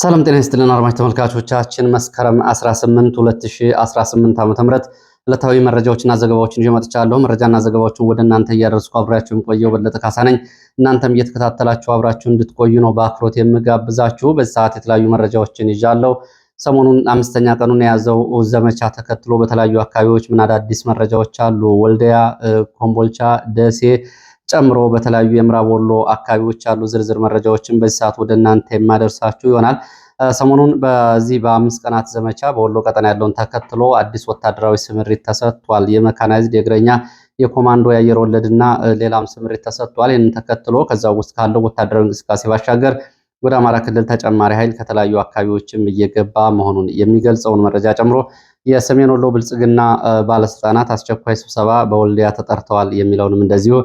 ሰላም ጤና ይስጥልን አድማጭ ተመልካቾቻችን፣ መስከረም 18 2018 ዓ.ም ዕለታዊ መረጃዎችና ዘገባዎችን ይዤ መጥቻለሁ። መረጃና ዘገባዎችን ወደ እናንተ እያደረስኩ አብሬያችሁ የምቆየው በለጠ ካሳ ነኝ። እናንተም እየተከታተላችሁ አብራችሁ እንድትቆዩ ነው በአክብሮት የምጋብዛችሁ። በዚህ ሰዓት የተለያዩ መረጃዎችን ይዣለሁ። ሰሞኑን አምስተኛ ቀኑን የያዘው ዘመቻ ተከትሎ በተለያዩ አካባቢዎች ምን አዳዲስ መረጃዎች አሉ? ወልዲያ፣ ኮምቦልቻ፣ ደሴ ጨምሮ በተለያዩ የምዕራብ ወሎ አካባቢዎች ያሉ ዝርዝር መረጃዎችን በዚህ ሰዓት ወደ እናንተ የማደርሳችሁ ይሆናል። ሰሞኑን በዚህ በአምስት ቀናት ዘመቻ በወሎ ቀጠና ያለውን ተከትሎ አዲስ ወታደራዊ ስምሪት ተሰጥቷል። የመካናይዝድ የእግረኛ፣ የኮማንዶ፣ የአየር ወለድና ሌላም ስምሪት ተሰጥቷል። ይህንን ተከትሎ ከዛ ውስጥ ካለው ወታደራዊ እንቅስቃሴ ባሻገር ወደ አማራ ክልል ተጨማሪ ኃይል ከተለያዩ አካባቢዎችም እየገባ መሆኑን የሚገልጸውን መረጃ ጨምሮ የሰሜን ወሎ ብልጽግና ባለስልጣናት አስቸኳይ ስብሰባ በወልዲያ ተጠርተዋል የሚለውንም እንደዚሁ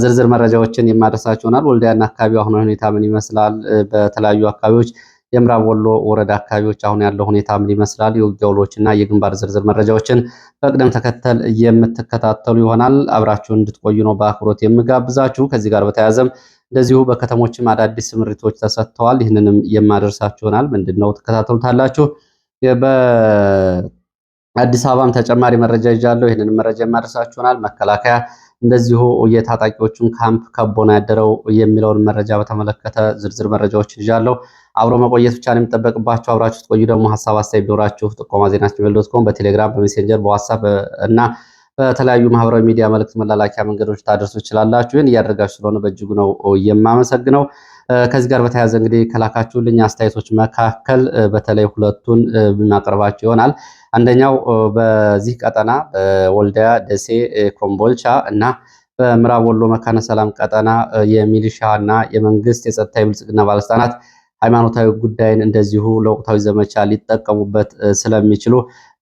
ዝርዝር መረጃዎችን የማድረሳቸው ይሆናል። ወልዲያና አካባቢው አሁን ሁኔታ ምን ይመስላል? በተለያዩ አካባቢዎች የምዕራብ ወሎ ወረዳ አካባቢዎች አሁን ያለው ሁኔታ ምን ይመስላል? የውጊያ ውሎችና የግንባር ዝርዝር መረጃዎችን በቅደም ተከተል የምትከታተሉ ይሆናል። አብራችሁን እንድትቆዩ ነው በአክብሮት የምጋብዛችሁ። ከዚህ ጋር በተያያዘም እንደዚሁ በከተሞችም አዳዲስ ስምሪቶች ተሰጥተዋል። ይህንንም የማደርሳችሁ ይሆናል። ምንድነው ትከታተሉታላችሁ። በአዲስ አበባም ተጨማሪ መረጃ ይዣለሁ። ይህንንም መረጃ የማደርሳችሁ ይሆናል። መከላከያ እንደዚሁ የታጣቂዎቹን ካምፕ ከቦ ነው ያደረው የሚለውን መረጃ በተመለከተ ዝርዝር መረጃዎች ይዣለሁ። አብሮ መቆየት ብቻ ነው የሚጠበቅባቸው። አብራችሁ ትቆዩ ደግሞ ሀሳብ አስተያየት ቢኖራችሁ ጥቆማ ዜናችን ጂሜል ዶት ኮም በቴሌግራም በሜሴንጀር በዋትሳፕ እና በተለያዩ ማህበራዊ ሚዲያ መልእክት መላላኪያ መንገዶች ታደርሱ ይችላላችሁ። ይህን እያደረጋችሁ ስለሆነ በእጅጉ ነው የማመሰግነው። ከዚህ ጋር በተያያዘ እንግዲህ ከላካችሁልኝ አስተያየቶች መካከል በተለይ ሁለቱን የምናቀርባቸው ይሆናል። አንደኛው በዚህ ቀጠና በወልዲያ፣ ደሴ፣ ኮምቦልቻ እና በምዕራብ ወሎ መካነ ሰላም ቀጠና የሚሊሻ እና የመንግስት የጸጥታ የብልጽግና ባለስልጣናት ሃይማኖታዊ ጉዳይን እንደዚሁ ለወቅታዊ ዘመቻ ሊጠቀሙበት ስለሚችሉ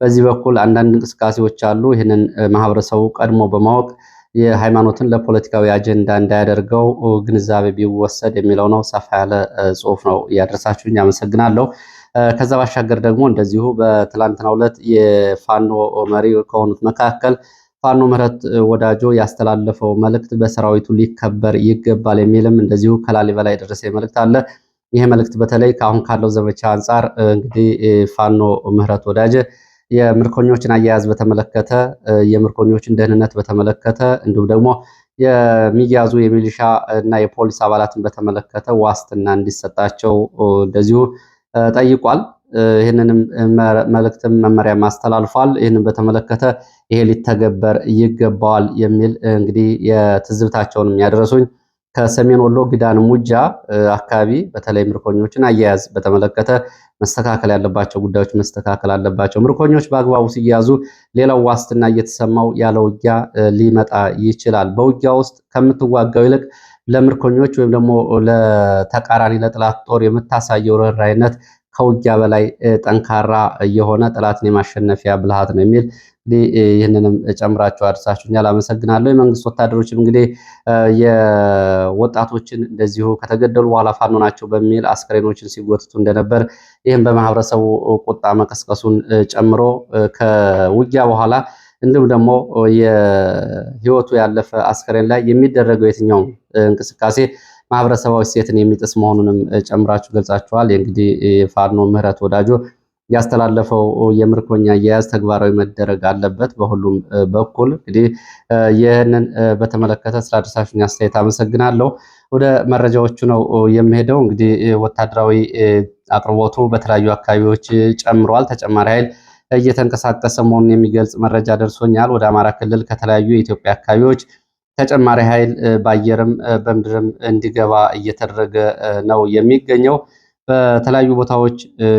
በዚህ በኩል አንዳንድ እንቅስቃሴዎች አሉ። ይህንን ማህበረሰቡ ቀድሞ በማወቅ የሃይማኖትን ለፖለቲካዊ አጀንዳ እንዳያደርገው ግንዛቤ ቢወሰድ የሚለው ነው። ሰፋ ያለ ጽሁፍ ነው እያደረሳችሁኝ፣ አመሰግናለሁ። ከዛ ባሻገር ደግሞ እንደዚሁ በትላንትናው ዕለት የፋኖ መሪ ከሆኑት መካከል ፋኖ ምህረት ወዳጆ ያስተላለፈው መልእክት በሰራዊቱ ሊከበር ይገባል የሚልም እንደዚሁ ከላሊበላ የደረሰ መልእክት አለ። ይሄ መልእክት በተለይ ከአሁን ካለው ዘመቻ አንጻር እንግዲህ ፋኖ ምህረት ወዳጀ የምርኮኞችን አያያዝ በተመለከተ የምርኮኞችን ደህንነት በተመለከተ እንዲሁም ደግሞ የሚያዙ የሚሊሻ እና የፖሊስ አባላትን በተመለከተ ዋስትና እንዲሰጣቸው እንደዚሁ ጠይቋል። ይህንንም መልእክትም መመሪያም አስተላልፏል። ይህንን በተመለከተ ይሄ ሊተገበር ይገባዋል የሚል እንግዲህ የትዝብታቸውንም ያደረሱኝ ከሰሜን ወሎ ግዳን ሙጃ አካባቢ በተለይ ምርኮኞችን አያያዝ በተመለከተ መስተካከል ያለባቸው ጉዳዮች መስተካከል አለባቸው። ምርኮኞች በአግባቡ ሲያዙ ሌላው ዋስትና እየተሰማው ያለ ውጊያ ሊመጣ ይችላል። በውጊያ ውስጥ ከምትዋጋው ይልቅ ለምርኮኞች ወይም ደግሞ ለተቃራኒ ለጥላት ጦር የምታሳየው ርኅራኄነት ከውጊያ በላይ ጠንካራ የሆነ ጠላትን የማሸነፊያ ብልሃት ነው የሚል ይህንንም ጨምራችሁ አድርሳችሁኛል፣ አመሰግናለሁ። የመንግስት ወታደሮችም እንግዲህ የወጣቶችን እንደዚሁ ከተገደሉ በኋላ ፋኖ ናቸው በሚል አስከሬኖችን ሲጎትቱ እንደነበር ይህም በማህበረሰቡ ቁጣ መቀስቀሱን ጨምሮ ከውጊያ በኋላ እንዲሁም ደግሞ የህይወቱ ያለፈ አስከሬን ላይ የሚደረገው የትኛው እንቅስቃሴ ማህበረሰባዊ ሴትን የሚጥስ መሆኑንም ጨምራችሁ ገልጻችኋል። እንግዲህ ፋኖ ምህረት ወዳጆ ያስተላለፈው የምርኮኛ አያያዝ ተግባራዊ መደረግ አለበት በሁሉም በኩል። እንግዲህ ይህንን በተመለከተ ስራ አድርሳችሁን አስተያየት አመሰግናለሁ። ወደ መረጃዎቹ ነው የምሄደው እንግዲህ ወታደራዊ አቅርቦቱ በተለያዩ አካባቢዎች ጨምሯል። ተጨማሪ ኃይል እየተንቀሳቀሰ መሆኑን የሚገልጽ መረጃ ደርሶኛል። ወደ አማራ ክልል ከተለያዩ የኢትዮጵያ አካባቢዎች ተጨማሪ ኃይል በአየርም በምድርም እንዲገባ እየተደረገ ነው የሚገኘው። በተለያዩ ቦታዎች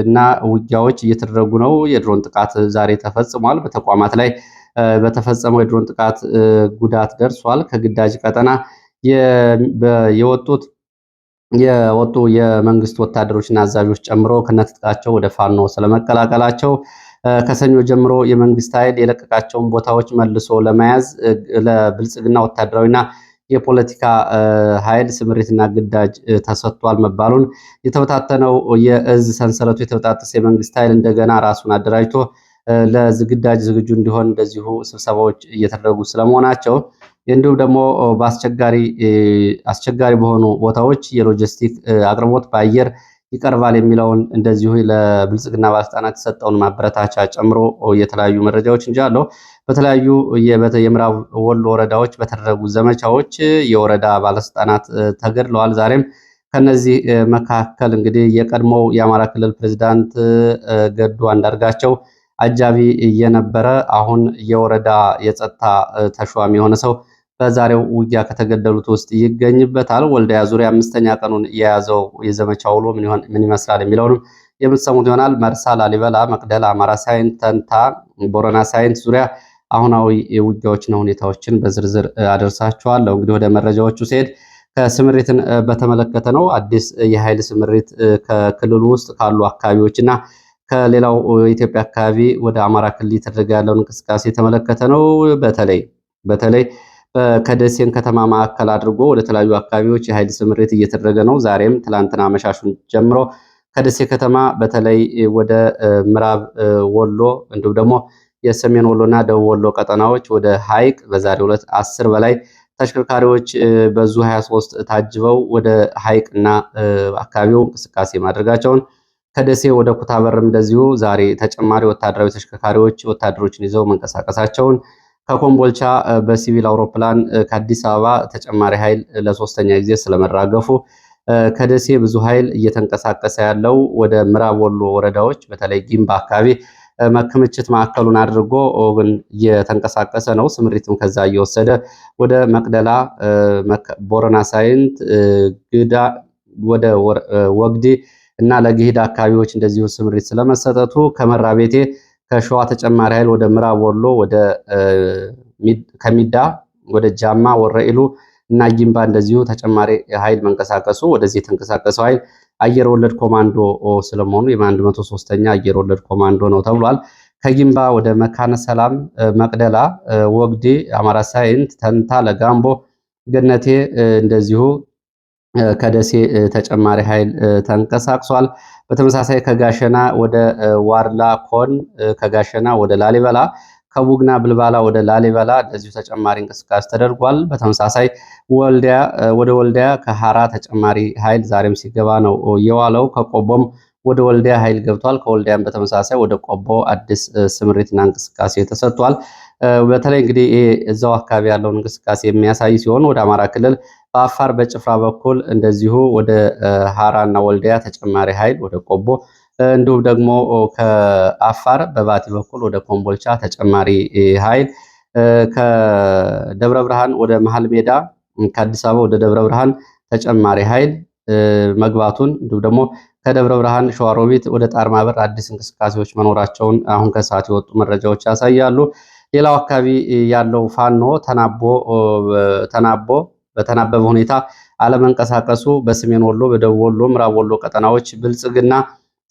እና ውጊያዎች እየተደረጉ ነው። የድሮን ጥቃት ዛሬ ተፈጽሟል። በተቋማት ላይ በተፈጸመው የድሮን ጥቃት ጉዳት ደርሷል። ከግዳጅ ቀጠና የወጡት የወጡ የመንግስት ወታደሮችና አዛዦች ጨምሮ ከነትጥቃቸው ወደ ፋኖ ስለመቀላቀላቸው ከሰኞ ጀምሮ የመንግስት ኃይል የለቀቃቸውን ቦታዎች መልሶ ለመያዝ ለብልጽግና ወታደራዊና የፖለቲካ ኃይል ስምሪትና ግዳጅ ተሰጥቷል መባሉን የተበታተነው የእዝ ሰንሰለቱ የተበጣጠሰ የመንግስት ኃይል እንደገና ራሱን አደራጅቶ ለግዳጅ ዝግጁ እንዲሆን እንደዚሁ ስብሰባዎች እየተደረጉ ስለመሆናቸው እንዲሁም ደግሞ በአስቸጋሪ አስቸጋሪ በሆኑ ቦታዎች የሎጂስቲክ አቅርቦት በአየር ይቀርባል የሚለውን እንደዚሁ ለብልጽግና ባለስልጣናት የሰጠውን ማበረታቻ ጨምሮ የተለያዩ መረጃዎች እንጂ አለው። በተለያዩ የምዕራብ ወሎ ወረዳዎች በተደረጉ ዘመቻዎች የወረዳ ባለስልጣናት ተገድለዋል። ዛሬም ከነዚህ መካከል እንግዲህ የቀድሞው የአማራ ክልል ፕሬዚዳንት ገዱ አንዳርጋቸው አጃቢ የነበረ አሁን የወረዳ የጸጥታ ተሿሚ የሆነ ሰው በዛሬው ውጊያ ከተገደሉት ውስጥ ይገኝበታል። ወልዲያ ዙሪያ አምስተኛ ቀኑን የያዘው የዘመቻ ውሎ ምን ይመስላል የሚለውንም የምትሰሙት ይሆናል። መርሳ፣ ላሊበላ፣ መቅደላ፣ አማራ ሳይንት፣ ተንታ፣ ቦረና ሳይንት ዙሪያ አሁናዊ ውጊያዎችና ሁኔታዎችን በዝርዝር አደርሳችኋለሁ። እንግዲህ ወደ መረጃዎቹ ሲሄድ ከስምሪትን በተመለከተ ነው። አዲስ የኃይል ስምሪት ከክልሉ ውስጥ ካሉ አካባቢዎች እና ከሌላው የኢትዮጵያ አካባቢ ወደ አማራ ክልል እየተደረገ ያለውን እንቅስቃሴ የተመለከተ ነው። በተለይ በተለይ ከደሴን ከተማ ማዕከል አድርጎ ወደ ተለያዩ አካባቢዎች የኃይል ስምሪት እየተደረገ ነው። ዛሬም ትላንትና አመሻሹን ጀምሮ ከደሴ ከተማ በተለይ ወደ ምዕራብ ወሎ እንዲሁም ደግሞ የሰሜን ወሎና ደቡብ ወሎ ቀጠናዎች ወደ ሐይቅ በዛሬ ሁለት አስር በላይ ተሽከርካሪዎች በዙ 23 ታጅበው ወደ ሐይቅና አካባቢው እንቅስቃሴ ማድረጋቸውን ከደሴ ወደ ኩታበርም እንደዚሁ ዛሬ ተጨማሪ ወታደራዊ ተሽከርካሪዎች ወታደሮችን ይዘው መንቀሳቀሳቸውን ከኮምቦልቻ በሲቪል አውሮፕላን ከአዲስ አበባ ተጨማሪ ኃይል ለሶስተኛ ጊዜ ስለመራገፉ ከደሴ ብዙ ኃይል እየተንቀሳቀሰ ያለው ወደ ምዕራብ ወሎ ወረዳዎች በተለይ ጊምባ አካባቢ ክምችት ማዕከሉን አድርጎ ግን እየተንቀሳቀሰ ነው። ስምሪቱን ከዛ እየወሰደ ወደ መቅደላ፣ ቦረና ሳይንት፣ ግዳ፣ ወደ ወግዲ እና ለግሂድ አካባቢዎች እንደዚሁ ስምሪት ስለመሰጠቱ ከመራ ቤቴ ከሸዋ ተጨማሪ ኃይል ወደ ምዕራብ ወሎ ከሚዳ ወደ ጃማ ወረኢሉ እና ጊንባ እንደዚሁ ተጨማሪ ኃይል መንቀሳቀሱ ወደዚህ የተንቀሳቀሰው ኃይል አየር ወለድ ኮማንዶ ስለመሆኑ የ 103 ሶስተኛ አየር ወለድ ኮማንዶ ነው ተብሏል። ከጊንባ ወደ መካነ ሰላም፣ መቅደላ፣ ወግዴ፣ አማራ ሳይንት፣ ተንታ፣ ለጋምቦ፣ ገነቴ እንደዚሁ ከደሴ ተጨማሪ ኃይል ተንቀሳቅሷል። በተመሳሳይ ከጋሸና ወደ ዋርላ ኮን፣ ከጋሸና ወደ ላሊበላ ከቡግና ብልባላ ወደ ላሊበላ እንደዚሁ ተጨማሪ እንቅስቃሴ ተደርጓል። በተመሳሳይ ወደ ወልዲያ ከሐራ ተጨማሪ ኃይል ዛሬም ሲገባ ነው የዋለው። ከቆቦም ወደ ወልዲያ ኃይል ገብቷል። ከወልዲያም በተመሳሳይ ወደ ቆቦ አዲስ ስምሪትና እንቅስቃሴ ተሰጥቷል። በተለይ እንግዲህ እዛው አካባቢ ያለውን እንቅስቃሴ የሚያሳይ ሲሆን ወደ አማራ ክልል በአፋር በጭፍራ በኩል እንደዚሁ ወደ እና ወልዲያ ተጨማሪ ኃይል ወደ ቆቦ እንዲሁም ደግሞ ከአፋር በባቲ በኩል ወደ ኮምቦልቻ ተጨማሪ ኃይል ከደብረ ብርሃን ወደ መሀል ሜዳ ከአዲስ አበባ ወደ ደብረ ብርሃን ተጨማሪ ኃይል መግባቱን እንዲሁም ደግሞ ከደብረ ብርሃን ሸዋሮቢት ወደ ጣርማበር አዲስ እንቅስቃሴዎች መኖራቸውን አሁን ከሰዓት የወጡ መረጃዎች ያሳያሉ። ሌላው አካባቢ ያለው ፋኖ ተናቦ በተናበበ ሁኔታ አለመንቀሳቀሱ በሰሜን ወሎ፣ በደቡብ ወሎ፣ ምዕራብ ወሎ ቀጠናዎች ብልጽግና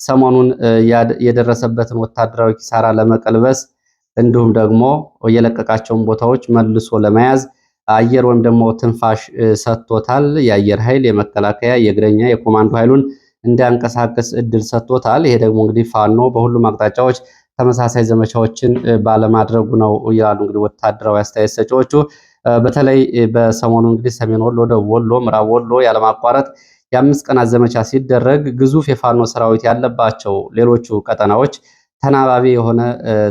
ሰሞኑን የደረሰበትን ወታደራዊ ኪሳራ ለመቀልበስ እንዲሁም ደግሞ የለቀቃቸውን ቦታዎች መልሶ ለመያዝ አየር ወይም ደግሞ ትንፋሽ ሰጥቶታል። የአየር ኃይል፣ የመከላከያ፣ የእግረኛ፣ የኮማንዶ ኃይሉን እንዲያንቀሳቅስ እድል ሰጥቶታል። ይሄ ደግሞ እንግዲህ ፋኖ በሁሉም አቅጣጫዎች ተመሳሳይ ዘመቻዎችን ባለማድረጉ ነው ይላሉ እንግዲህ ወታደራዊ አስተያየት ሰጪዎቹ። በተለይ በሰሞኑ እንግዲህ ሰሜን ወሎ፣ ደቡብ ወሎ፣ ምዕራብ ወሎ ያለማቋረጥ የአምስት ቀናት ዘመቻ ሲደረግ ግዙፍ የፋኖ ሰራዊት ያለባቸው ሌሎቹ ቀጠናዎች ተናባቢ የሆነ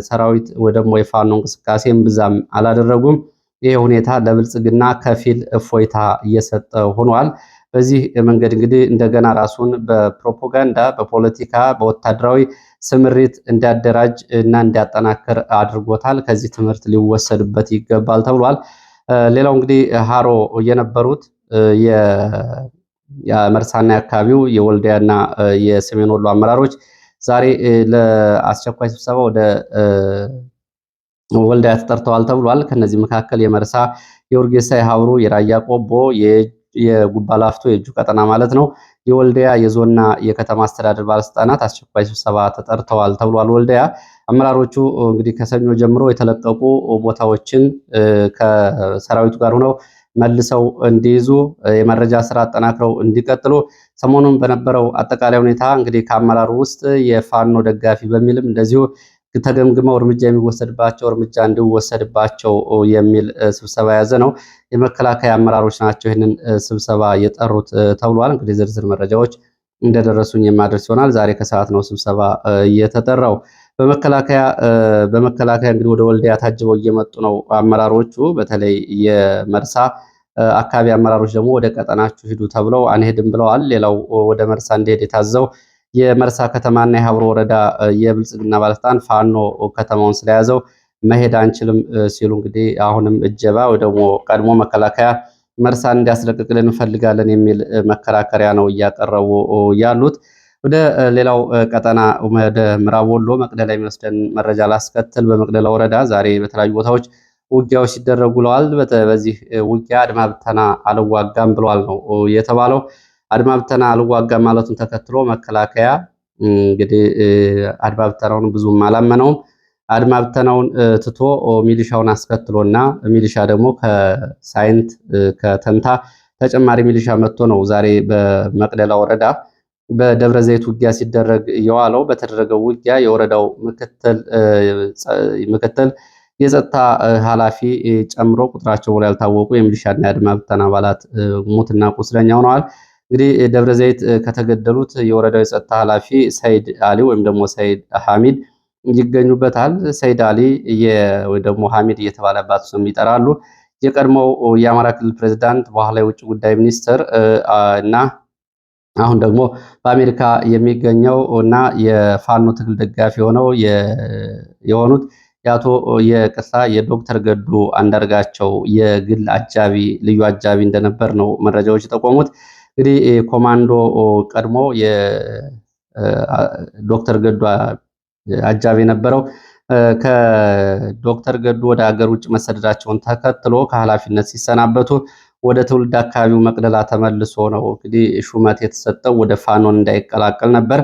ሰራዊት ወደሞ የፋኖ እንቅስቃሴም ብዛም አላደረጉም። ይህ ሁኔታ ለብልጽግና ከፊል እፎይታ እየሰጠ ሆኗል። በዚህ መንገድ እንግዲህ እንደገና ራሱን በፕሮፓጋንዳ በፖለቲካ በወታደራዊ ስምሪት እንዲያደራጅ እና እንዲያጠናክር አድርጎታል። ከዚህ ትምህርት ሊወሰድበት ይገባል ተብሏል። ሌላው እንግዲህ ሃሮ የነበሩት የመርሳና የአካባቢው የወልዲያና የሰሜን ወሎ አመራሮች ዛሬ ለአስቸኳይ ስብሰባ ወደ ወልዲያ ተጠርተዋል ተብሏል። ከነዚህ መካከል የመርሳ፣ የውርጌሳ፣ የሀብሩ፣ የራያ ቆቦ፣ የጉባላፍቶ፣ የእጁ ቀጠና ማለት ነው የወልዲያ የዞንና የከተማ አስተዳደር ባለስልጣናት አስቸኳይ ስብሰባ ተጠርተዋል ተብሏል። ወልዲያ አመራሮቹ እንግዲህ ከሰኞ ጀምሮ የተለቀቁ ቦታዎችን ከሰራዊቱ ጋር ሆነው መልሰው እንዲይዙ የመረጃ ስራ አጠናክረው እንዲቀጥሉ ሰሞኑን በነበረው አጠቃላይ ሁኔታ እንግዲህ ከአመራሩ ውስጥ የፋኖ ደጋፊ በሚልም እንደዚሁ ተገምግመው እርምጃ የሚወሰድባቸው እርምጃ እንዲወሰድባቸው የሚል ስብሰባ የያዘ ነው። የመከላከያ አመራሮች ናቸው ይህንን ስብሰባ የጠሩት ተብሏል። እንግዲህ ዝርዝር መረጃዎች እንደደረሱኝ የማድረስ ይሆናል። ዛሬ ከሰዓት ነው ስብሰባ የተጠራው። በመከላከያ በመከላከያ እንግዲህ ወደ ወልዲያ ታጅበው እየመጡ ነው አመራሮቹ። በተለይ የመርሳ አካባቢ አመራሮች ደግሞ ወደ ቀጠናችሁ ሂዱ ተብለው አንሄድም ብለዋል። ሌላው ወደ መርሳ እንዲሄድ የታዘው የመርሳ ከተማና የሀብሮ ወረዳ የብልጽግና ባለስልጣን ፋኖ ከተማውን ስለያዘው መሄድ አንችልም ሲሉ እንግዲህ አሁንም እጀባ ወይ ደግሞ ቀድሞ መከላከያ መርሳን እንዲያስለቅቅልን እንፈልጋለን የሚል መከራከሪያ ነው እያቀረቡ ያሉት። ወደ ሌላው ቀጠና ወደ ምዕራብ ወሎ መቅደላ የሚወስደን መረጃ ላስከትል። በመቅደላ ወረዳ ዛሬ በተለያዩ ቦታዎች ውጊያዎች ሲደረጉ ውለዋል። በዚህ ውጊያ አድማ ብተና አልዋጋም ብለዋል ነው የተባለው። አድማ ብተና አልዋጋም ማለቱን ተከትሎ መከላከያ እንግዲህ አድማ ብተናውን ብዙም አላመነውም። አድማ ብተናውን ትቶ ሚሊሻውን አስከትሎና ሚሊሻ ደግሞ ከሳይንት ከተንታ ተጨማሪ ሚሊሻ መጥቶ ነው ዛሬ በመቅደላ ወረዳ በደብረ ዘይት ውጊያ ሲደረግ የዋለው በተደረገው ውጊያ የወረዳው ምክትል የጸጥታ ኃላፊ ጨምሮ ቁጥራቸው በውል ያልታወቁ የሚሊሻና የአድማ ብተና አባላት ሙትና ቁስለኛ ሆነዋል። እንግዲህ ደብረ ዘይት ከተገደሉት የወረዳው የጸጥታ ኃላፊ ሰይድ አሊ ወይም ደግሞ ሰይድ ሐሚድ ይገኙበታል። ሰይድ አሊ ወይም ደግሞ ሐሚድ እየተባለ አባቱ ስም ይጠራሉ። የቀድሞው የአማራ ክልል ፕሬዚዳንት በኋላ የውጭ ጉዳይ ሚኒስትር እና አሁን ደግሞ በአሜሪካ የሚገኘው እና የፋኖ ትግል ደጋፊ ሆነው የሆኑት የአቶ የቅሳ የዶክተር ገዱ አንዳርጋቸው የግል አጃቢ ልዩ አጃቢ እንደነበር ነው መረጃዎች የጠቆሙት። እንግዲህ ኮማንዶ ቀድሞ የዶክተር ገዱ አጃቢ የነበረው ከዶክተር ገዱ ወደ ሀገር ውጭ መሰደዳቸውን ተከትሎ ከኃላፊነት ሲሰናበቱ ወደ ትውልድ አካባቢው መቅደላ ተመልሶ ነው እንግዲህ ሹመት የተሰጠው ወደ ፋኖን እንዳይቀላቀል ነበር።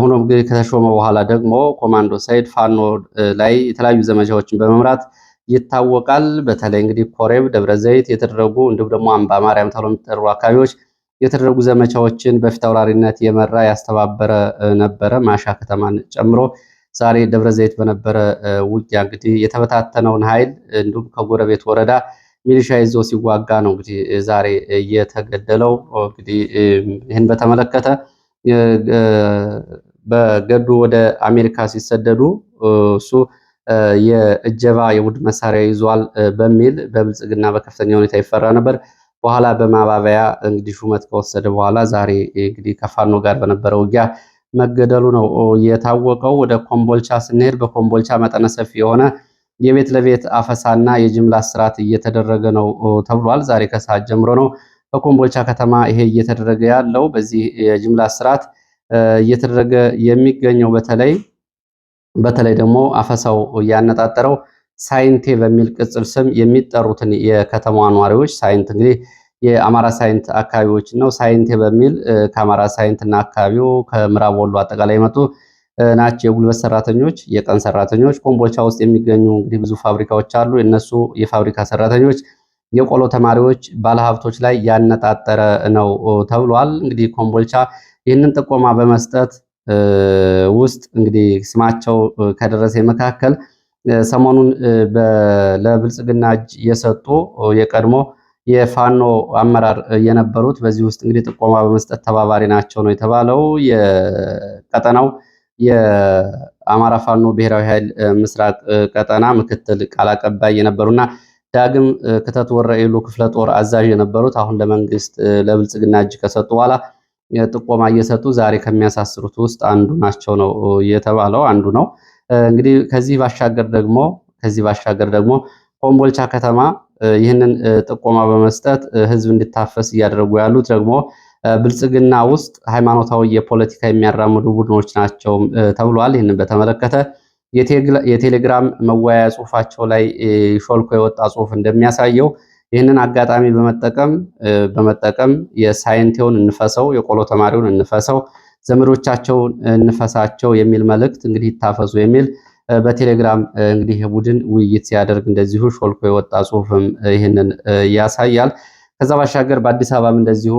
ሆኖም ግን ከተሾመ በኋላ ደግሞ ኮማንዶ ሳይድ ፋኖ ላይ የተለያዩ ዘመቻዎችን በመምራት ይታወቃል። በተለይ እንግዲህ ኮሬብ፣ ደብረ ዘይት የተደረጉ እንዲሁም ደግሞ አምባ ማርያም ተብሎ የሚጠሩ አካባቢዎች የተደረጉ ዘመቻዎችን በፊት አውራሪነት የመራ ያስተባበረ ነበረ ማሻ ከተማን ጨምሮ ዛሬ ደብረ ዘይት በነበረ ውጊያ እንግዲህ የተበታተነውን ኃይል እንዲሁም ከጎረቤት ወረዳ ሚሊሻ ይዞ ሲዋጋ ነው እንግዲህ ዛሬ እየተገደለው። እንግዲህ ይህን በተመለከተ በገዱ ወደ አሜሪካ ሲሰደዱ እሱ የእጀባ የቡድን መሳሪያ ይዟል በሚል በብልጽግና በከፍተኛ ሁኔታ ይፈራ ነበር። በኋላ በማባበያ እንግዲህ ሹመት ከወሰደ በኋላ ዛሬ እንግዲህ ከፋኖ ጋር በነበረው ውጊያ መገደሉ ነው የታወቀው። ወደ ኮምቦልቻ ስንሄድ በኮምቦልቻ መጠነ ሰፊ የሆነ የቤት ለቤት አፈሳና የጅምላ ስርዓት እየተደረገ ነው ተብሏል። ዛሬ ከሰዓት ጀምሮ ነው በኮምቦልቻ ከተማ ይሄ እየተደረገ ያለው። በዚህ የጅምላ ስርዓት እየተደረገ የሚገኘው በተለይ በተለይ ደግሞ አፈሳው ያነጣጠረው ሳይንቴ በሚል ቅጽል ስም የሚጠሩትን የከተማዋ ነዋሪዎች ሳይንት እንግዲህ የአማራ ሳይንት አካባቢዎች ነው። ሳይንቴ በሚል ከአማራ ሳይንትና አካባቢው ከምዕራብ ወሎ አጠቃላይ መጡ። ናቸው። የጉልበት ሰራተኞች፣ የቀን ሰራተኞች ኮምቦልቻ ውስጥ የሚገኙ እንግዲህ ብዙ ፋብሪካዎች አሉ። እነሱ የፋብሪካ ሰራተኞች፣ የቆሎ ተማሪዎች፣ ባለሀብቶች ላይ ያነጣጠረ ነው ተብሏል። እንግዲህ ኮምቦልቻ ይህንን ጥቆማ በመስጠት ውስጥ እንግዲህ ስማቸው ከደረሰ መካከል ሰሞኑን ለብልጽግና እጅ የሰጡ የቀድሞ የፋኖ አመራር የነበሩት በዚህ ውስጥ እንግዲህ ጥቆማ በመስጠት ተባባሪ ናቸው ነው የተባለው የቀጠናው የአማራ ፋኖ ብሔራዊ ኃይል ምስራቅ ቀጠና ምክትል ቃል አቀባይ የነበሩና ዳግም ክተት ወረኤሉ ክፍለ ጦር አዛዥ የነበሩት አሁን ለመንግስት ለብልጽግና እጅ ከሰጡ በኋላ ጥቆማ እየሰጡ ዛሬ ከሚያሳስሩት ውስጥ አንዱ ናቸው ነው የተባለው። አንዱ ነው እንግዲህ ከዚህ ባሻገር ደግሞ ከዚህ ባሻገር ደግሞ ኮምቦልቻ ከተማ ይህንን ጥቆማ በመስጠት ህዝብ እንዲታፈስ እያደረጉ ያሉት ደግሞ ብልጽግና ውስጥ ሃይማኖታዊ የፖለቲካ የሚያራምዱ ቡድኖች ናቸው ተብሏል። ይህንን በተመለከተ የቴሌግራም መወያያ ጽሁፋቸው ላይ ሾልኮ የወጣ ጽሁፍ እንደሚያሳየው ይህንን አጋጣሚ በመጠቀም በመጠቀም የሳይንቴውን እንፈሰው፣ የቆሎ ተማሪውን እንፈሰው፣ ዘመዶቻቸውን እንፈሳቸው የሚል መልእክት እንግዲህ ይታፈሱ የሚል በቴሌግራም እንግዲህ ቡድን ውይይት ሲያደርግ እንደዚሁ ሾልኮ የወጣ ጽሁፍም ይህንን ያሳያል። ከዛ ባሻገር በአዲስ አበባም እንደዚሁ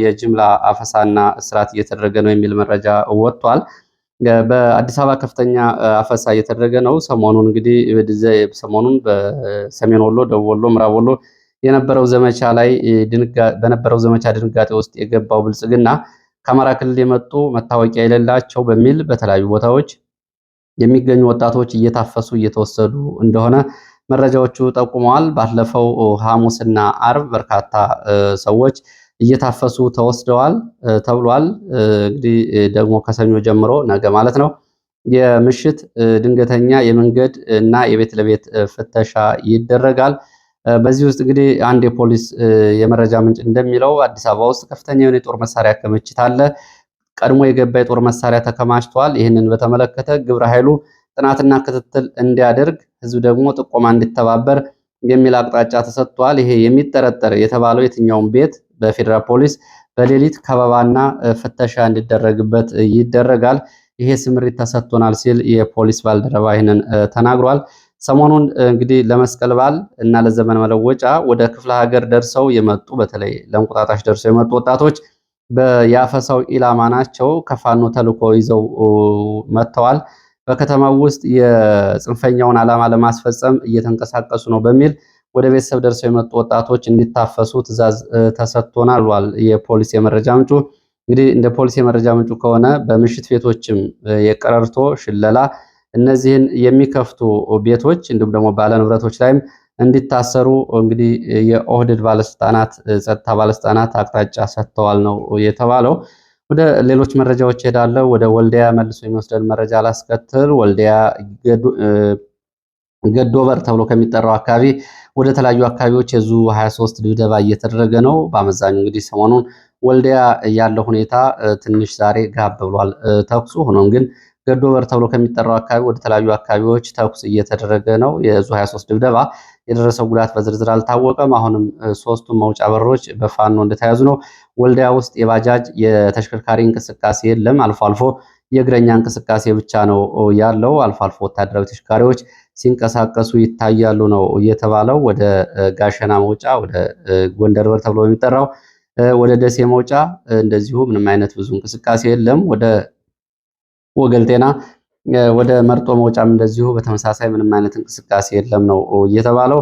የጅምላ አፈሳና እስራት እየተደረገ ነው የሚል መረጃ ወጥቷል። በአዲስ አበባ ከፍተኛ አፈሳ እየተደረገ ነው። ሰሞኑን እንግዲህ ሰሞኑን በሰሜን ወሎ፣ ደቡብ ወሎ፣ ምዕራብ ወሎ የነበረው ዘመቻ ላይ በነበረው ዘመቻ ድንጋጤ ውስጥ የገባው ብልጽግና ከአማራ ክልል የመጡ መታወቂያ የሌላቸው በሚል በተለያዩ ቦታዎች የሚገኙ ወጣቶች እየታፈሱ እየተወሰዱ እንደሆነ መረጃዎቹ ጠቁመዋል። ባለፈው ሐሙስና አርብ በርካታ ሰዎች እየታፈሱ ተወስደዋል ተብሏል። እንግዲህ ደግሞ ከሰኞ ጀምሮ ነገ ማለት ነው የምሽት ድንገተኛ የመንገድ እና የቤት ለቤት ፍተሻ ይደረጋል። በዚህ ውስጥ እንግዲህ አንድ የፖሊስ የመረጃ ምንጭ እንደሚለው አዲስ አበባ ውስጥ ከፍተኛ የሆነ የጦር መሳሪያ ክምችት አለ። ቀድሞ የገባ የጦር መሳሪያ ተከማችቷል። ይህንን በተመለከተ ግብረ ኃይሉ ጥናትና ክትትል እንዲያደርግ ህዝብ ደግሞ ጥቆማ እንዲተባበር የሚል አቅጣጫ ተሰጥቷል። ይሄ የሚጠረጠር የተባለው የትኛውም ቤት በፌዴራል ፖሊስ በሌሊት ከበባና ፍተሻ እንዲደረግበት ይደረጋል። ይሄ ስምሪት ተሰጥቶናል ሲል የፖሊስ ባልደረባ ይህንን ተናግሯል። ሰሞኑን እንግዲህ ለመስቀል በዓል እና ለዘመን መለወጫ ወደ ክፍለ ሀገር ደርሰው የመጡ በተለይ ለእንቁጣጣሽ ደርሰው የመጡ ወጣቶች በያፈሳው ኢላማ ናቸው። ከፋኖ ተልዕኮ ይዘው መጥተዋል። በከተማው ውስጥ የጽንፈኛውን ዓላማ ለማስፈጸም እየተንቀሳቀሱ ነው በሚል ወደ ቤተሰብ ደርሰው የመጡ ወጣቶች እንዲታፈሱ ትዕዛዝ ተሰጥቶናል ብሏል የፖሊስ የመረጃ ምንጩ። እንግዲህ እንደ ፖሊስ የመረጃ ምንጩ ከሆነ በምሽት ቤቶችም የቀረርቶ ሽለላ፣ እነዚህን የሚከፍቱ ቤቶች እንዲሁም ደግሞ ባለ ንብረቶች ላይም እንዲታሰሩ እንግዲህ የኦህድድ ባለስልጣናት ጸጥታ ባለስልጣናት አቅጣጫ ሰጥተዋል ነው የተባለው። ወደ ሌሎች መረጃዎች እሄዳለሁ። ወደ ወልዲያ መልሶ የሚወስደን መረጃ ላስከትል። ወልዲያ ገዶበር ተብሎ ከሚጠራው አካባቢ ወደ ተለያዩ አካባቢዎች የዙ 23 ድብደባ እየተደረገ ነው። በአመዛኙ እንግዲህ ሰሞኑን ወልዲያ ያለው ሁኔታ ትንሽ ዛሬ ጋብ ብሏል ተኩሱ። ሆኖም ግን ገዶበር ተብሎ ከሚጠራው አካባቢ ወደ ተለያዩ አካባቢዎች ተኩስ እየተደረገ ነው። የዙ 23 ድብደባ የደረሰው ጉዳት በዝርዝር አልታወቀም። አሁንም ሶስቱም መውጫ በሮች በፋኖ እንደተያዙ ነው። ወልዲያ ውስጥ የባጃጅ የተሽከርካሪ እንቅስቃሴ የለም። አልፎ አልፎ የእግረኛ እንቅስቃሴ ብቻ ነው ያለው። አልፎ አልፎ ወታደራዊ ተሽከርካሪዎች ሲንቀሳቀሱ ይታያሉ ነው የተባለው። ወደ ጋሸና መውጫ፣ ወደ ጎንደር በር ተብሎ የሚጠራው ወደ ደሴ መውጫ እንደዚሁ ምንም አይነት ብዙ እንቅስቃሴ የለም። ወደ ወገልጤና ወደ መርጦ መውጫም እንደዚሁ በተመሳሳይ ምንም አይነት እንቅስቃሴ የለም ነው እየተባለው።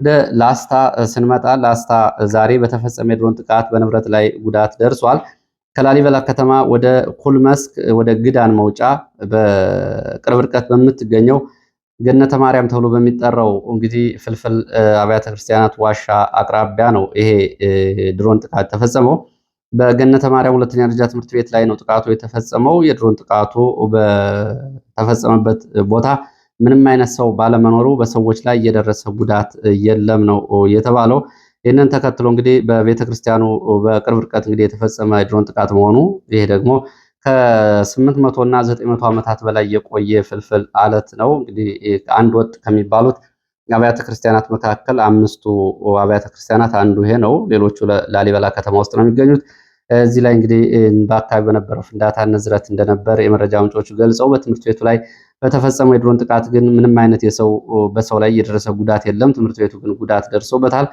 ወደ ላስታ ስንመጣ ላስታ ዛሬ በተፈጸመ የድሮን ጥቃት በንብረት ላይ ጉዳት ደርሷል። ከላሊበላ ከተማ ወደ ኩልመስክ ወደ ግዳን መውጫ በቅርብ ርቀት በምትገኘው ገነተ ማርያም ተብሎ በሚጠራው እንግዲህ ፍልፍል አብያተ ክርስቲያናት ዋሻ አቅራቢያ ነው ይሄ ድሮን ጥቃት ተፈጸመው። በገነተ ማርያም ሁለተኛ ደረጃ ትምህርት ቤት ላይ ነው ጥቃቱ የተፈጸመው። የድሮን ጥቃቱ በተፈጸመበት ቦታ ምንም አይነት ሰው ባለመኖሩ በሰዎች ላይ የደረሰ ጉዳት የለም ነው የተባለው። ይህንን ተከትሎ እንግዲህ በቤተክርስቲያኑ በቅርብ ርቀት እንግዲህ የተፈጸመ የድሮን ጥቃት መሆኑ ይሄ ደግሞ ከስምንት መቶ እና ዘጠኝ መቶ ዓመታት በላይ የቆየ ፍልፍል አለት ነው እንግዲህ አንድ ወጥ ከሚባሉት አብያተ ክርስቲያናት መካከል አምስቱ አብያተ ክርስቲያናት አንዱ ይሄ ነው። ሌሎቹ ላሊበላ ከተማ ውስጥ ነው የሚገኙት። እዚህ ላይ እንግዲህ በአካባቢ በነበረው ፍንዳታ ንዝረት እንደነበር የመረጃ ምንጮቹ ገልጸው በትምህርት ቤቱ ላይ በተፈጸመው የድሮን ጥቃት ግን ምንም አይነት የሰው በሰው ላይ የደረሰ ጉዳት የለም። ትምህርት ቤቱ ግን ጉዳት ደርሶበታል።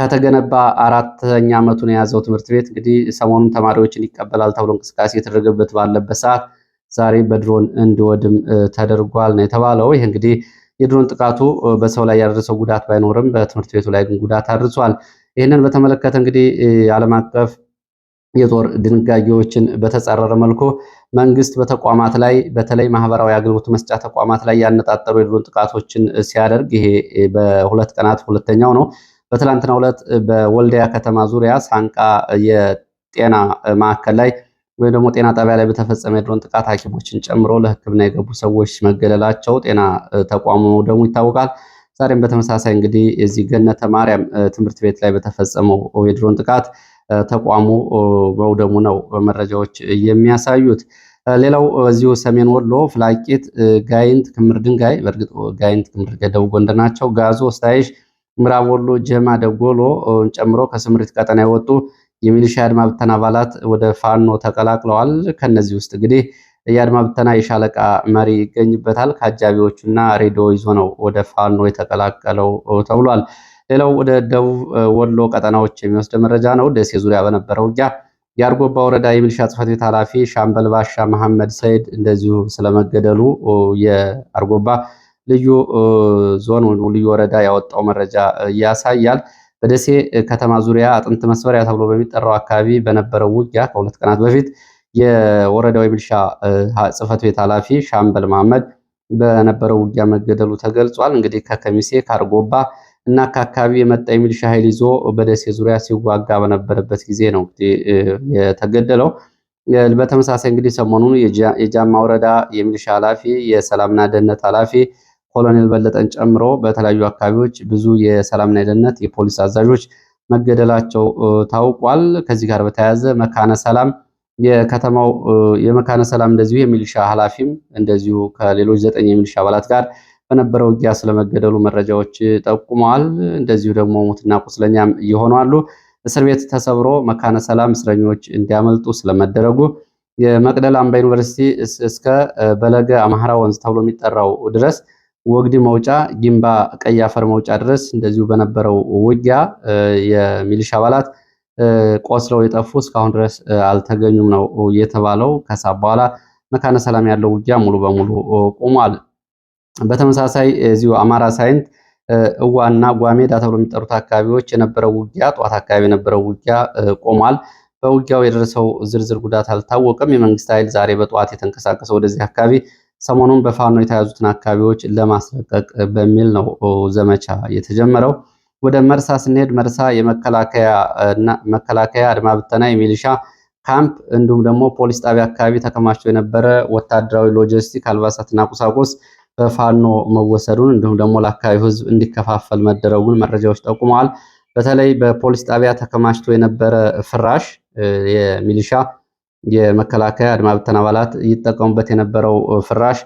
ከተገነባ አራተኛ ዓመቱን የያዘው ትምህርት ቤት እንግዲህ ሰሞኑን ተማሪዎችን ይቀበላል ተብሎ እንቅስቃሴ የተደረገበት ባለበት ሰዓት ዛሬ በድሮን እንዲወድም ተደርጓል ነው የተባለው። ይህ እንግዲህ የድሮን ጥቃቱ በሰው ላይ ያደረሰው ጉዳት ባይኖርም በትምህርት ቤቱ ላይ ግን ጉዳት አድርሷል። ይህንን በተመለከተ እንግዲህ ዓለም አቀፍ የጦር ድንጋጌዎችን በተጻረረ መልኩ መንግስት በተቋማት ላይ በተለይ ማህበራዊ አገልግሎት መስጫ ተቋማት ላይ ያነጣጠሩ የድሮን ጥቃቶችን ሲያደርግ ይሄ በሁለት ቀናት ሁለተኛው ነው። በትላንትናው ዕለት በወልዲያ ከተማ ዙሪያ ሳንቃ የጤና ማዕከል ላይ ወይም ደግሞ ጤና ጣቢያ ላይ በተፈጸመ የድሮን ጥቃት ሐኪሞችን ጨምሮ ለሕክምና የገቡ ሰዎች መገለላቸው ጤና ተቋሙ ደግሞ ይታወቃል። ዛሬም በተመሳሳይ እንግዲህ የዚህ ገነተ ማርያም ትምህርት ቤት ላይ በተፈጸመው የድሮን ጥቃት ተቋሙ መውደሙ ነው መረጃዎች የሚያሳዩት። ሌላው እዚሁ ሰሜን ወሎ ፍላቂት፣ ጋይንት፣ ክምር ድንጋይ በእርግጥ ጋይንት፣ ክምር ድንጋይ ደቡብ ጎንደር ናቸው። ጋዞ፣ ስታይሽ፣ ምዕራብ ወሎ ጀማ ደጎሎ ጨምሮ ከስምሪት ቀጠና የወጡ የሚሊሻ የአድማ ብተና አባላት ወደ ፋኖ ተቀላቅለዋል። ከነዚህ ውስጥ እንግዲህ የአድማ ብተና የሻለቃ መሪ ይገኝበታል። ከአጃቢዎቹና ሬዲዮ ይዞ ነው ወደ ፋኖ የተቀላቀለው ተብሏል። ሌላው ወደ ደቡብ ወሎ ቀጠናዎች የሚወስደ መረጃ ነው። ደሴ ዙሪያ በነበረው ውጊያ የአርጎባ ወረዳ የሚሊሻ ጽሕፈት ቤት ኃላፊ ሻምበል ባሻ መሐመድ ሰይድ እንደዚሁ ስለመገደሉ የአርጎባ ልዩ ዞን ልዩ ወረዳ ያወጣው መረጃ ያሳያል። በደሴ ከተማ ዙሪያ አጥንት መስበሪያ ተብሎ በሚጠራው አካባቢ በነበረው ውጊያ ከሁለት ቀናት በፊት የወረዳው የሚልሻ ጽህፈት ቤት ኃላፊ ሻምበል መሐመድ በነበረው ውጊያ መገደሉ ተገልጿል። እንግዲህ ከከሚሴ ካርጎባ እና ከአካባቢ የመጣ የሚልሻ ኃይል ይዞ በደሴ ዙሪያ ሲዋጋ በነበረበት ጊዜ ነው የተገደለው። በተመሳሳይ እንግዲህ ሰሞኑን የጃማ ወረዳ የሚልሻ ኃላፊ፣ የሰላምና ደህንነት ኃላፊ ኮሎኔል በለጠን ጨምሮ በተለያዩ አካባቢዎች ብዙ የሰላምና የደህንነት የፖሊስ አዛዦች መገደላቸው ታውቋል። ከዚህ ጋር በተያያዘ መካነ ሰላም የከተማው የመካነ ሰላም እንደዚሁ የሚሊሻ ኃላፊም እንደዚሁ ከሌሎች ዘጠኝ የሚሊሻ አባላት ጋር በነበረው ውጊያ ስለመገደሉ መረጃዎች ጠቁመዋል። እንደዚሁ ደግሞ ሙትና ቁስለኛም እየሆኑ አሉ። እስር ቤት ተሰብሮ መካነ ሰላም እስረኞች እንዲያመልጡ ስለመደረጉ የመቅደላ አምባ ዩኒቨርሲቲ እስከ በለገ አማራ ወንዝ ተብሎ የሚጠራው ድረስ ወግድ መውጫ ጊምባ ቀይ አፈር መውጫ ድረስ እንደዚሁ በነበረው ውጊያ የሚሊሻ አባላት ቆስለው የጠፉ እስካሁን ድረስ አልተገኙም ነው የተባለው። ከሳ በኋላ መካነ ሰላም ያለው ውጊያ ሙሉ በሙሉ ቆሟል። በተመሳሳይ እዚሁ አማራ ሳይንት እዋና ጓሜዳ ተብሎ የሚጠሩት አካባቢዎች የነበረው ውጊያ ጠዋት አካባቢ የነበረው ውጊያ ቆሟል። በውጊያው የደረሰው ዝርዝር ጉዳት አልታወቀም። የመንግስት ኃይል ዛሬ በጠዋት የተንቀሳቀሰው ወደዚህ አካባቢ ሰሞኑን በፋኖ የተያዙትን አካባቢዎች ለማስለቀቅ በሚል ነው ዘመቻ የተጀመረው። ወደ መርሳ ስንሄድ መርሳ የመከላከያ አድማ ብተና የሚሊሻ ካምፕ እንዲሁም ደግሞ ፖሊስ ጣቢያ አካባቢ ተከማችቶ የነበረ ወታደራዊ ሎጂስቲክ አልባሳትና ቁሳቁስ በፋኖ መወሰዱን እንዲሁም ደግሞ ለአካባቢው ሕዝብ እንዲከፋፈል መደረጉን መረጃዎች ጠቁመዋል። በተለይ በፖሊስ ጣቢያ ተከማችቶ የነበረ ፍራሽ የሚሊሻ የመከላከያ አድማ አባላት ይጠቀሙበት የነበረው ፍራሽ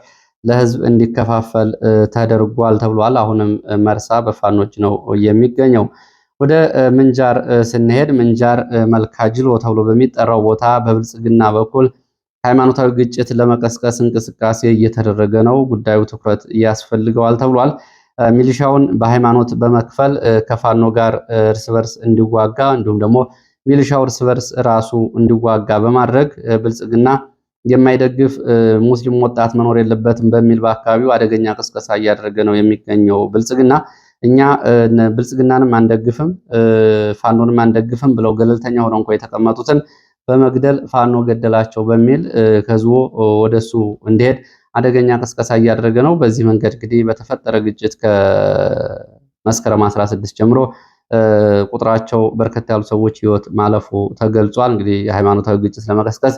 ለህዝብ እንዲከፋፈል ተደርጓል ተብሏል። አሁንም መርሳ በፋኖች ነው የሚገኘው። ወደ ምንጃር ስንሄድ ምንጃር መልካጅሎ ተብሎ በሚጠራው ቦታ በብልጽግና በኩል ሃይማኖታዊ ግጭት ለመቀስቀስ እንቅስቃሴ እየተደረገ ነው። ጉዳዩ ትኩረት ያስፈልገዋል ተብሏል። ሚሊሻውን በሃይማኖት በመክፈል ከፋኖ ጋር እርስ በርስ እንዲዋጋ እንዲሁም ደግሞ ሚሊሻው እርስ በርስ ራሱ እንዲዋጋ በማድረግ ብልጽግና የማይደግፍ ሙስሊም ወጣት መኖር የለበትም በሚል በአካባቢው አደገኛ ቅስቀሳ እያደረገ ነው የሚገኘው። ብልጽግና እኛ ብልጽግናንም አንደግፍም ፋኖንም አንደግፍም ብለው ገለልተኛ ሆነው እንኳ የተቀመጡትን በመግደል ፋኖ ገደላቸው በሚል ከህዝቡ ወደሱ እንዲሄድ አደገኛ ቅስቀሳ እያደረገ ነው። በዚህ መንገድ እንግዲህ በተፈጠረ ግጭት ከመስከረም 16 ጀምሮ ቁጥራቸው በርከት ያሉ ሰዎች ህይወት ማለፉ ተገልጿል። እንግዲህ የሃይማኖታዊ ግጭት ለመቀስቀስ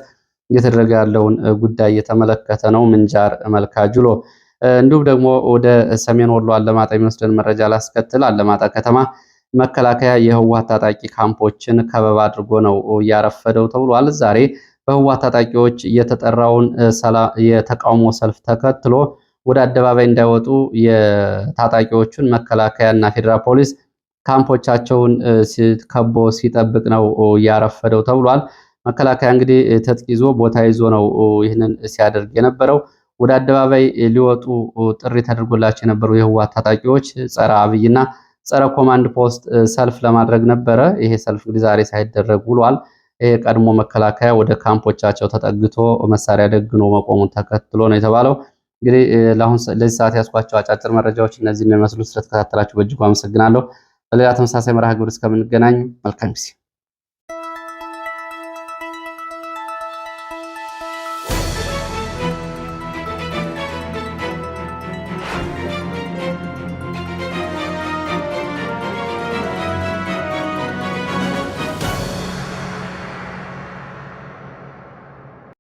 እየተደረገ ያለውን ጉዳይ እየተመለከተ ነው። ምንጃር መልካ ጅሎ። እንዲሁም ደግሞ ወደ ሰሜን ወሎ አለማጣ የሚወስደን መረጃ ላስከትል። አለማጣ ከተማ መከላከያ የህወሓት ታጣቂ ካምፖችን ከበባ አድርጎ ነው እያረፈደው ተብሏል። ዛሬ በህወሓት ታጣቂዎች የተጠራውን የተቃውሞ ሰልፍ ተከትሎ ወደ አደባባይ እንዳይወጡ የታጣቂዎቹን መከላከያና ፌዴራል ፖሊስ ካምፖቻቸውን ከቦ ሲጠብቅ ነው ያረፈደው ተብሏል። መከላከያ እንግዲህ ትጥቅ ይዞ ቦታ ይዞ ነው ይህንን ሲያደርግ የነበረው። ወደ አደባባይ ሊወጡ ጥሪ ተደርጎላቸው የነበሩ የህወሓት ታጣቂዎች ጸረ አብይና ጸረ ኮማንድ ፖስት ሰልፍ ለማድረግ ነበረ። ይሄ ሰልፍ እንግዲህ ዛሬ ሳይደረግ ውሏል። ይሄ ቀድሞ መከላከያ ወደ ካምፖቻቸው ተጠግቶ መሳሪያ ደግኖ መቆሙን ተከትሎ ነው የተባለው። እንግዲህ ለዚህ ሰዓት ያስኳቸው አጫጭር መረጃዎች እነዚህ የሚመስሉ ስለተከታተላችሁ በእጅጉ አመሰግናለሁ። በሌላ ተመሳሳይ መርሃ ግብር እስከምንገናኝ መልካም ጊዜ